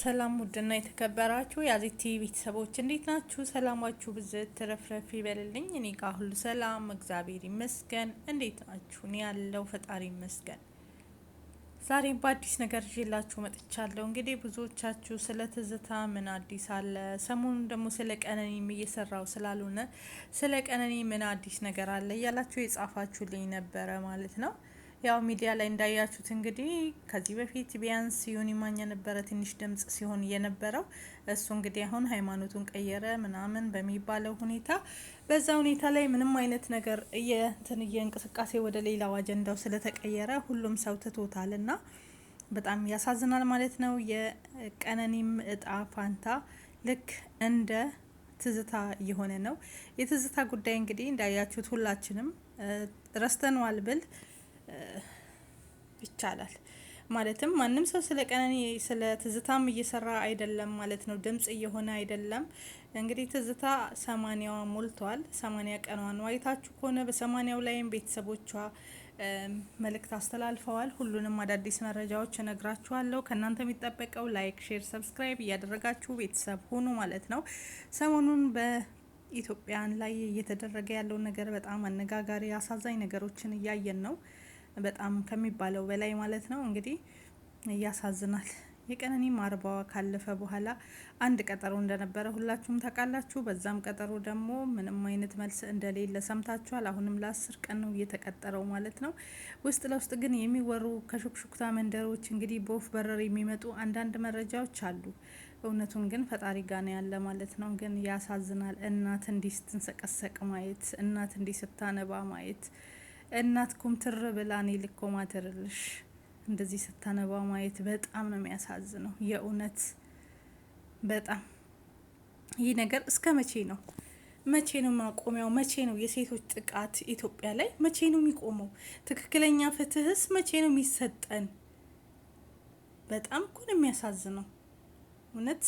ሰላም ውድና የተከበራችሁ የአዜቲ ቤተሰቦች እንዴት ናችሁ? ሰላማችሁ ብዝት ትረፍረፍ ይበልልኝ። እኔ ጋር ሁሉ ሰላም እግዚአብሔር ይመስገን። እንዴት ናችሁ? እኔ ያለው ፈጣሪ ይመስገን። ዛሬም በአዲስ ነገር ይዤላችሁ መጥቻለሁ። እንግዲህ ብዙዎቻችሁ ስለ ትዝታ ምን አዲስ አለ፣ ሰሞኑን ደግሞ ስለ ቀነኒም እየሰራው ስላልሆነ ስለ ቀነኒ ምን አዲስ ነገር አለ እያላችሁ የጻፋችሁልኝ ነበረ ማለት ነው ያው ሚዲያ ላይ እንዳያችሁት እንግዲህ ከዚህ በፊት ቢያንስ ዮኒ ማኛ ነበረ ትንሽ ድምጽ ሲሆን የነበረው። እሱ እንግዲህ አሁን ሃይማኖቱን ቀየረ ምናምን በሚባለው ሁኔታ በዛ ሁኔታ ላይ ምንም አይነት ነገር እየትን እንቅስቃሴ ወደ ሌላው አጀንዳው ስለተቀየረ ሁሉም ሰው ትቶታል እና በጣም ያሳዝናል ማለት ነው። የቀነኒም እጣ ፋንታ ልክ እንደ ትዝታ እየሆነ ነው። የትዝታ ጉዳይ እንግዲህ እንዳያችሁት ሁላችንም ረስተነዋል ብል ይቻላል። ማለትም ማንም ሰው ስለ ቀነኒ ስለ ትዝታም እየሰራ አይደለም ማለት ነው። ድምጽ እየሆነ አይደለም። እንግዲህ ትዝታ ሰማኒያዋ ሞልቷል። ሰማኒያ ቀኗን አይታችሁ ከሆነ በሰማኒያው ላይም ቤተሰቦቿ መልእክት አስተላልፈዋል። ሁሉንም አዳዲስ መረጃዎች እነግራችኋለሁ። ከእናንተ የሚጠበቀው ላይክ፣ ሼር፣ ሰብስክራይብ እያደረጋችሁ ቤተሰብ ሆኑ ማለት ነው። ሰሞኑን በኢትዮጵያን ላይ እየተደረገ ያለውን ነገር በጣም አነጋጋሪ፣ አሳዛኝ ነገሮችን እያየን ነው። በጣም ከሚባለው በላይ ማለት ነው። እንግዲህ ያሳዝናል። የቀነኒም ማርባዋ ካለፈ በኋላ አንድ ቀጠሮ እንደነበረ ሁላችሁም ታውቃላችሁ። በዛም ቀጠሮ ደግሞ ምንም አይነት መልስ እንደሌለ ሰምታችኋል። አሁንም ለአስር ቀን ነው እየተቀጠረው ማለት ነው። ውስጥ ለውስጥ ግን የሚወሩ ከሹክሹክታ መንደሮች እንግዲህ በወፍ በረር የሚመጡ አንዳንድ መረጃዎች አሉ። እውነቱን ግን ፈጣሪ ጋ ነው ያለ ማለት ነው። ግን ያሳዝናል። እናት እንዲህ ስትንሰቀሰቅ ማየት፣ እናት እንዲህ ስታነባ ማየት እናት ኩምትር ብላ እኔ ማትርልሽ እንደዚህ ስታነባ ማየት በጣም ነው የሚያሳዝነው። የእውነት በጣም ይህ ነገር እስከ መቼ ነው? መቼ ነው ማቆሚያው? መቼ ነው የሴቶች ጥቃት ኢትዮጵያ ላይ መቼ ነው የሚቆመው? ትክክለኛ ፍትህስ መቼ ነው የሚሰጠን? በጣም እኮ ነው የሚያሳዝነው እውነት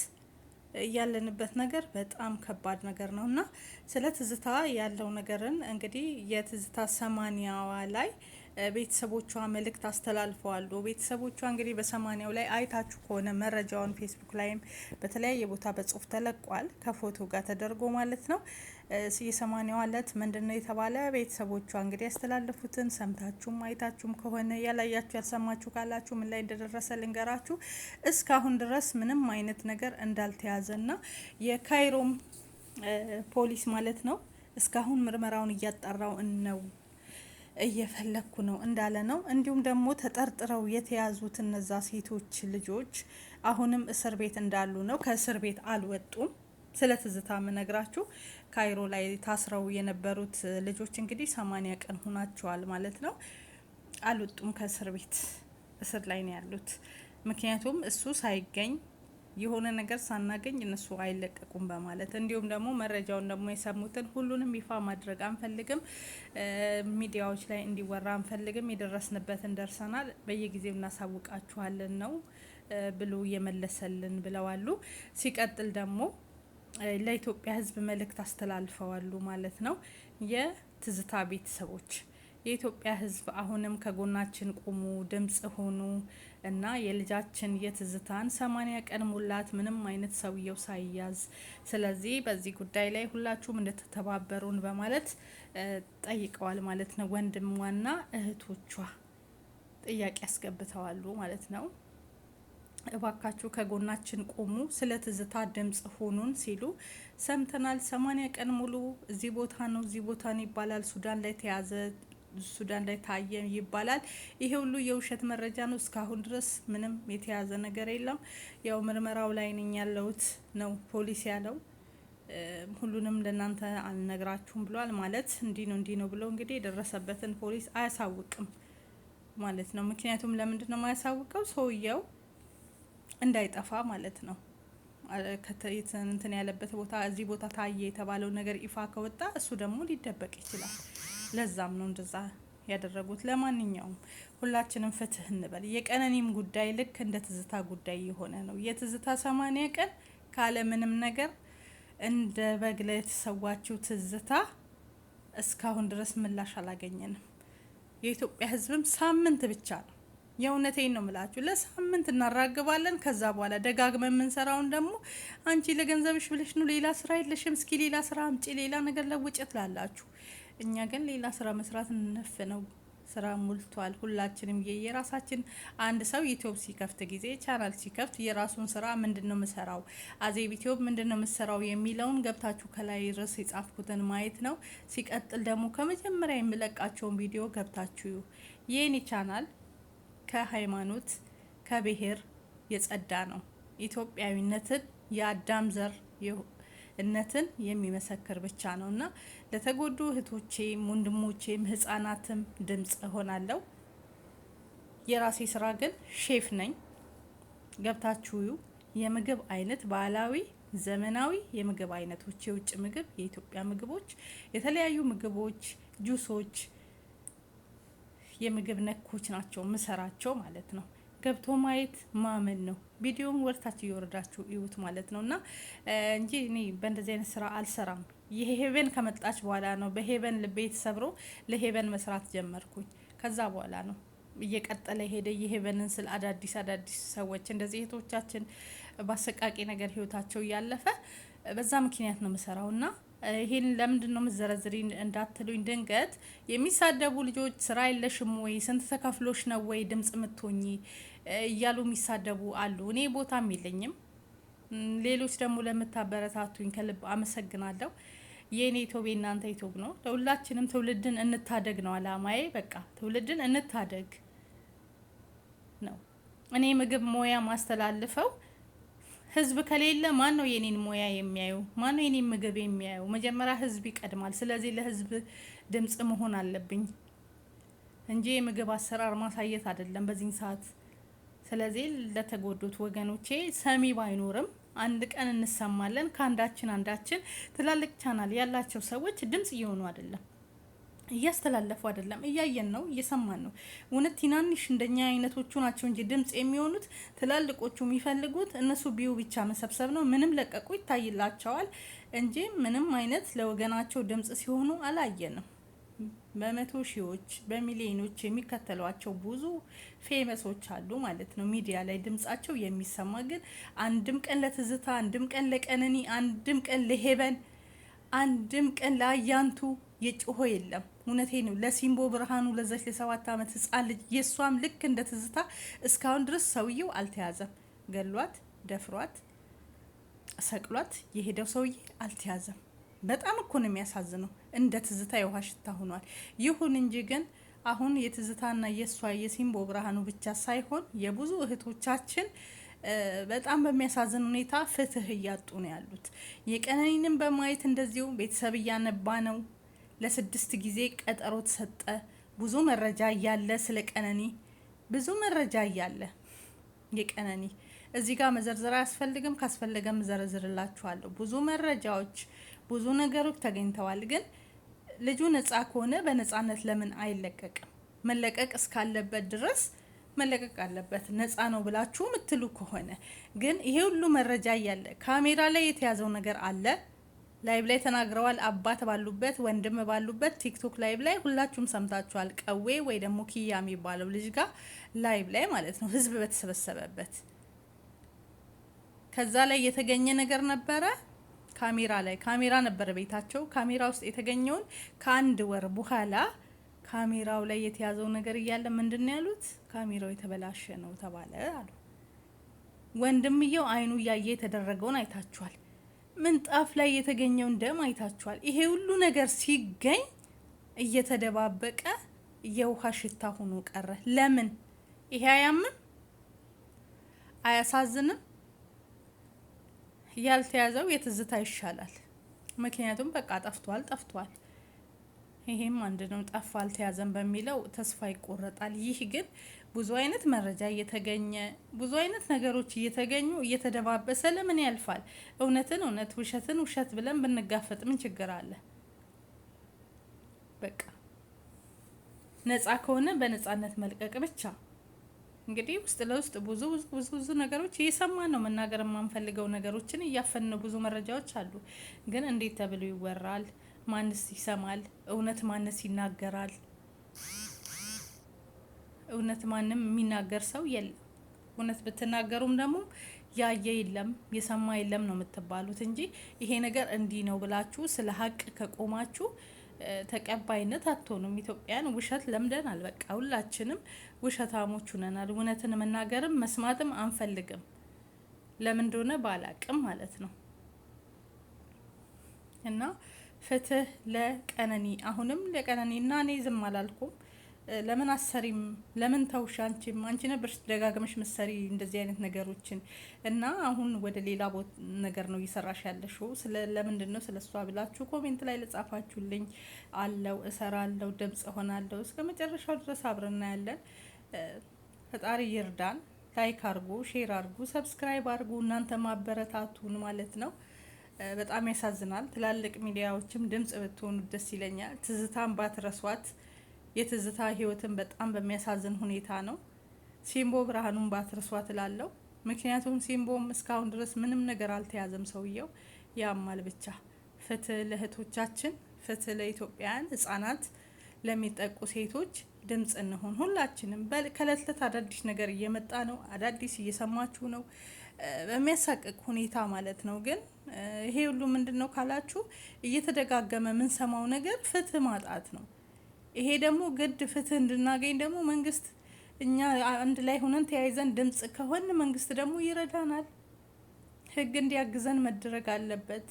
ያለንበት ነገር በጣም ከባድ ነገር ነው እና ስለ ትዝታ ያለው ነገርን እንግዲህ የትዝታ ሰማኒያዋ ላይ ቤተሰቦቿ መልእክት አስተላልፈዋሉ። ቤተሰቦቿ እንግዲህ በሰማኒያው ላይ አይታችሁ ከሆነ መረጃውን ፌስቡክ ላይም በተለያየ ቦታ በጽሁፍ ተለቋል ከፎቶ ጋር ተደርጎ ማለት ነው። የሰማኒያዋ ዕለት ምንድን ነው የተባለ ቤተሰቦቿ እንግዲህ ያስተላለፉትን ሰምታችሁም አይታችሁም ከሆነ ያላያችሁ ያልሰማችሁ ካላችሁ ምን ላይ እንደደረሰ ልንገራችሁ። እስካሁን ድረስ ምንም አይነት ነገር እንዳልተያዘ ና የካይሮም ፖሊስ ማለት ነው እስካሁን ምርመራውን እያጣራው ነው እየፈለግኩ ነው እንዳለ ነው። እንዲሁም ደግሞ ተጠርጥረው የተያዙት እነዛ ሴቶች ልጆች አሁንም እስር ቤት እንዳሉ ነው። ከእስር ቤት አልወጡም። ስለ ትዝታ ምነግራችሁ ካይሮ ላይ ታስረው የነበሩት ልጆች እንግዲህ ሰማኒያ ቀን ሆናቸዋል ማለት ነው። አልወጡም ከእስር ቤት እስር ላይ ነው ያሉት። ምክንያቱም እሱ ሳይገኝ የሆነ ነገር ሳናገኝ እነሱ አይለቀቁም በማለት እንዲሁም ደግሞ መረጃውን ደግሞ የሰሙትን ሁሉንም ይፋ ማድረግ አንፈልግም፣ ሚዲያዎች ላይ እንዲወራ አንፈልግም፣ የደረስንበትን ደርሰናል፣ በየጊዜው እናሳውቃችኋለን ነው ብሎ እየመለሰልን ብለዋሉ። ሲቀጥል ደግሞ ለኢትዮጵያ ህዝብ መልእክት አስተላልፈዋሉ ማለት ነው። የትዝታ ቤተሰቦች የኢትዮጵያ ህዝብ አሁንም ከጎናችን ቁሙ፣ ድምጽ ሆኑ እና የልጃችን የትዝታን ሰማንያ ቀን ሙላት ምንም አይነት ሰውየው ሳይያዝ። ስለዚህ በዚህ ጉዳይ ላይ ሁላችሁም እንደተተባበሩን በማለት ጠይቀዋል ማለት ነው። ወንድሟና እህቶቿ ጥያቄ ያስገብተዋሉ ማለት ነው። እባካችሁ ከጎናችን ቆሙ፣ ስለ ትዝታ ድምጽ ሆኑን ሲሉ ሰምተናል። ሰማኒያ ቀን ሙሉ እዚህ ቦታ ነው እዚህ ቦታ ነው ይባላል። ሱዳን ላይ ተያዘ፣ ሱዳን ላይ ታየ ይባላል። ይሄ ሁሉ የውሸት መረጃ ነው። እስካሁን ድረስ ምንም የተያዘ ነገር የለም። ያው ምርመራው ላይ ነኝ ያለሁት ነው ፖሊስ ያለው። ሁሉንም ለእናንተ አልነግራችሁም ብሏል። ማለት እንዲህ ነው እንዲህ ነው ብለው እንግዲህ የደረሰበትን ፖሊስ አያሳውቅም ማለት ነው። ምክንያቱም ለምንድን ነው የማያሳውቀው ሰውየው እንዳይጠፋ ማለት ነው። እንትን ያለበት ቦታ እዚህ ቦታ ታየ የተባለው ነገር ይፋ ከወጣ እሱ ደግሞ ሊደበቅ ይችላል። ለዛም ነው እንደዛ ያደረጉት። ለማንኛውም ሁላችንም ፍትህ እንበል። የቀነኒም ጉዳይ ልክ እንደ ትዝታ ጉዳይ የሆነ ነው። የትዝታ ሰማንያ ቀን ካለ ምንም ነገር እንደ በግ የተሰዋችው ትዝታ እስካሁን ድረስ ምላሽ አላገኘንም። የኢትዮጵያ ሕዝብም ሳምንት ብቻ ነው የእውነቴን ነው ምላችሁ። ለሳምንት እናራግባለን። ከዛ በኋላ ደጋግመ የምንሰራውን ደግሞ አንቺ ለገንዘብሽ ብለሽ ነው ሌላ ስራ የለሽም፣ እስኪ ሌላ ስራ አምጪ፣ ሌላ ነገር ለውጭ ትላላችሁ። እኛ ግን ሌላ ስራ መስራት እንነፍ ነው። ስራ ሞልቷል። ሁላችንም የየራሳችን አንድ ሰው ዩቲዩብ ሲከፍት ጊዜ ቻናል ሲከፍት የራሱን ስራ ምንድን ነው ምሰራው፣ አዜብ ዩቲዩብ ምንድን ነው ምሰራው የሚለውን ገብታችሁ ከላይ ድረስ የጻፍኩትን ማየት ነው። ሲቀጥል ደግሞ ከመጀመሪያ የምለቃቸውን ቪዲዮ ገብታችሁ ይህን ቻናል ከሃይማኖት ከብሔር የጸዳ ነው። ኢትዮጵያዊነትን የአዳም ዘር እነትን የሚመሰክር ብቻ ነው እና ለተጎዱ እህቶቼም ወንድሞቼም ህጻናትም ድምጽ እሆናለሁ። የራሴ ስራ ግን ሼፍ ነኝ። ገብታችሁ የምግብ አይነት ባህላዊ፣ ዘመናዊ የምግብ አይነቶች፣ የውጭ ምግብ፣ የኢትዮጵያ ምግቦች፣ የተለያዩ ምግቦች፣ ጁሶች የምግብ ነኮች ናቸው ምሰራቸው ማለት ነው። ገብቶ ማየት ማመን ነው። ቪዲዮውን ወርታችሁ እየወረዳችሁ እዩት ማለት ነው እና እንጂ እኔ በእንደዚህ አይነት ስራ አልሰራም። የሄቨን ከመጣች በኋላ ነው በሄቨን ልቤ ተሰብሮ ለሄቨን መስራት ጀመርኩኝ። ከዛ በኋላ ነው እየቀጠለ ሄደ። የሄቨንን ስል አዳዲስ አዳዲስ ሰዎች እንደዚህ እህቶቻችን በአሰቃቂ ነገር ህይወታቸው እያለፈ በዛ ምክንያት ነው ምሰራው እና ይሄን ለምንድን ነው መዘረዝሪ እንዳትሉኝ ድንገት የሚሳደቡ ልጆች ስራ የለሽም ወይ ስንት ተከፍሎሽ ነው ወይ ድምጽ ምትሆኚ እያሉ የሚሳደቡ አሉ። እኔ ቦታም የለኝም። ሌሎች ደግሞ ለምታበረታቱኝ ከልብ አመሰግናለሁ። የእኔ ኢትዮቤ እናንተ ቶብ ነው። ለሁላችንም ትውልድን እንታደግ ነው አላማዬ። በቃ ትውልድን እንታደግ ነው። እኔ ምግብ ሙያ ማስተላልፈው ህዝብ ከሌለ ማን ነው የኔን ሙያ የሚያዩ? ማን ነው የኔን ምግብ የሚያዩ? መጀመሪያ ህዝብ ይቀድማል። ስለዚህ ለህዝብ ድምጽ መሆን አለብኝ እንጂ የምግብ አሰራር ማሳየት አይደለም በዚህን ሰዓት። ስለዚህ ለተጎዱት ወገኖቼ ሰሚ ባይኖርም አንድ ቀን እንሰማለን። ከአንዳችን አንዳችን ትላልቅ ቻናል ያላቸው ሰዎች ድምጽ እየሆኑ አይደለም እያስተላለፉ አይደለም። እያየን ነው፣ እየሰማን ነው። እውነት ትናንሽ እንደኛ አይነቶቹ ናቸው እንጂ ድምጽ የሚሆኑት ትላልቆቹ የሚፈልጉት እነሱ ቢዩ ብቻ መሰብሰብ ነው። ምንም ለቀቁ ይታይላቸዋል እንጂ ምንም አይነት ለወገናቸው ድምጽ ሲሆኑ አላየንም። በመቶ ሺዎች በሚሊዮኖች የሚከተሏቸው ብዙ ፌመሶች አሉ ማለት ነው። ሚዲያ ላይ ድምጻቸው የሚሰማ ግን አንድም ቀን ለትዝታ፣ አንድም ቀን ለቀነኒ፣ አንድም ቀን ለሄበን፣ አንድም ቀን ለአያንቱ የጮሆ የለም። እውነቴ ነው። ለሲምቦ ብርሃኑ ለዛች ለሰባት ዓመት ህፃን ልጅ የእሷም ልክ እንደ ትዝታ እስካሁን ድረስ ሰውየው አልተያዘም። ገሏት፣ ደፍሯት፣ ሰቅሏት የሄደው ሰውዬ አልተያዘም። በጣም እኮ ነው የሚያሳዝነው። እንደ ትዝታ የውሃ ሽታ ሆኗል። ይሁን እንጂ ግን አሁን የትዝታና የእሷ የሲምቦ ብርሃኑ ብቻ ሳይሆን የብዙ እህቶቻችን በጣም በሚያሳዝን ሁኔታ ፍትህ እያጡ ነው ያሉት። የቀነኒንም በማየት እንደዚሁ ቤተሰብ እያነባ ነው። ለስድስት ጊዜ ቀጠሮ ተሰጠ። ብዙ መረጃ እያለ ስለ ቀነኒ ብዙ መረጃ እያለ የቀነኒ እዚህ ጋር መዘርዘር አያስፈልግም። ካስፈለገም ዘረዝርላችኋለሁ። ብዙ መረጃዎች፣ ብዙ ነገሮች ተገኝተዋል። ግን ልጁ ነጻ ከሆነ በነጻነት ለምን አይለቀቅም? መለቀቅ እስካለበት ድረስ መለቀቅ አለበት። ነጻ ነው ብላችሁ ምትሉ ከሆነ ግን ይሄ ሁሉ መረጃ እያለ ካሜራ ላይ የተያዘው ነገር አለ ላይቭ ላይ ተናግረዋል። አባት ባሉበት ወንድም ባሉበት ቲክቶክ ላይቭ ላይ ሁላችሁም ሰምታችኋል። ቀዌ ወይ ደግሞ ኪያ የሚባለው ልጅ ጋር ላይቭ ላይ ማለት ነው ህዝብ በተሰበሰበበት ከዛ ላይ የተገኘ ነገር ነበረ። ካሜራ ላይ ካሜራ ነበረ ቤታቸው። ካሜራ ውስጥ የተገኘውን ከአንድ ወር በኋላ ካሜራው ላይ የተያዘው ነገር እያለ ምንድን ነው ያሉት? ካሜራው የተበላሸ ነው ተባለ አሉ። ወንድምየው አይኑ እያየ የተደረገውን አይታችኋል። ምንጣፍ ላይ የተገኘውን ደም አይታችኋል። ይሄ ሁሉ ነገር ሲገኝ እየተደባበቀ የውሃ ሽታ ሆኖ ቀረ። ለምን? ይሄ አያምም? አያሳዝንም? ያልተያዘው የትዝታ ይሻላል። ምክንያቱም በቃ ጠፍቷል ጠፍቷል። ይሄም አንድ ነው። ጠፋ አልተያዘም በሚለው ተስፋ ይቆረጣል። ይህ ግን ብዙ አይነት መረጃ እየተገኘ ብዙ አይነት ነገሮች እየተገኙ እየተደባበሰ ለምን ያልፋል? እውነትን እውነት ውሸትን ውሸት ብለን ብንጋፈጥ ምን ችግር አለ? በቃ ነጻ ከሆነ በነጻነት መልቀቅ ብቻ። እንግዲህ ውስጥ ለውስጥ ብዙ ብዙ ብዙ ነገሮች እየሰማን ነው። መናገር የማንፈልገው ነገሮችን እያፈን ነው። ብዙ መረጃዎች አሉ። ግን እንዴት ተብሎ ይወራል? ማንስ ይሰማል? እውነት ማንስ ይናገራል? እውነት ማንም የሚናገር ሰው የለም። እውነት ብትናገሩም ደግሞ ያየ የለም የሰማ የለም ነው የምትባሉት እንጂ ይሄ ነገር እንዲህ ነው ብላችሁ ስለ ሀቅ ከቆማችሁ ተቀባይነት አትሆኑም። ኢትዮጵያን ውሸት ለምደናል። በቃ ሁላችንም ውሸታሞች ሁነናል። እውነትን መናገርም መስማትም አንፈልግም። ለምን እንደሆነ ባላቅም ማለት ነው እና ፍትህ ለቀነኒ አሁንም ለቀነኒ እና እኔ ዝም አላልኩም። ለምን አሰሪም ለምን ተውሽ? አንቺም አንቺ ነበርሽ ደጋግመሽ ምሰሪ እንደዚህ አይነት ነገሮችን እና አሁን ወደ ሌላ ቦታ ነገር ነው እየሰራሽ ያለሽው። ስለ ለምንድን ነው ስለ እሷ ብላችሁ ኮሜንት ላይ ለጻፋችሁልኝ አለው እሰራለሁ፣ ድምጽ ሆናለሁ። እስከ መጨረሻው ድረስ አብረና ያለን ፈጣሪ ይርዳን። ላይክ አርጉ፣ ሼር አርጉ፣ ሰብስክራይብ አርጉ። እናንተ ማበረታቱን ማለት ነው። በጣም ያሳዝናል። ትላልቅ ሚዲያዎችም ድምፅ ብትሆኑ ደስ ይለኛል። ትዝታን ባትረሷት። የትዝታ ህይወትን በጣም በሚያሳዝን ሁኔታ ነው። ሲምቦ ብርሃኑን ባትረሷት እላለሁ። ምክንያቱም ሲምቦም እስካሁን ድረስ ምንም ነገር አልተያዘም። ሰውየው ያማል ብቻ። ፍትህ ለእህቶቻችን፣ ፍትህ ለኢትዮጵያውያን ህጻናት፣ ለሚጠቁ ሴቶች ድምፅ እንሆን ሁላችንም። ከእለት እለት አዳዲስ ነገር እየመጣ ነው። አዳዲስ እየሰማችሁ ነው። በሚያሳቅቅ ሁኔታ ማለት ነው። ግን ይሄ ሁሉ ምንድን ነው ካላችሁ እየተደጋገመ የምንሰማው ነገር ፍትህ ማጣት ነው። ይሄ ደግሞ ግድ ፍትህ እንድናገኝ ደግሞ መንግስት እኛ አንድ ላይ ሆነን ተያይዘን ድምፅ ከሆን መንግስት ደግሞ ይረዳናል። ህግ እንዲያግዘን መደረግ አለበት።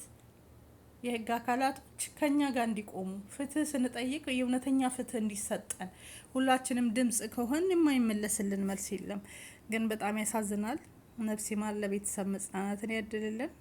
የህግ አካላቶች ከኛ ጋር እንዲቆሙ ፍትህ ስንጠይቅ የእውነተኛ ፍትህ እንዲሰጠን ሁላችንም ድምፅ ከሆን የማይመለስልን መልስ የለም። ግን በጣም ያሳዝናል። ነፍሲ ማን ለቤተሰብ መጽናናትን ያድልልን።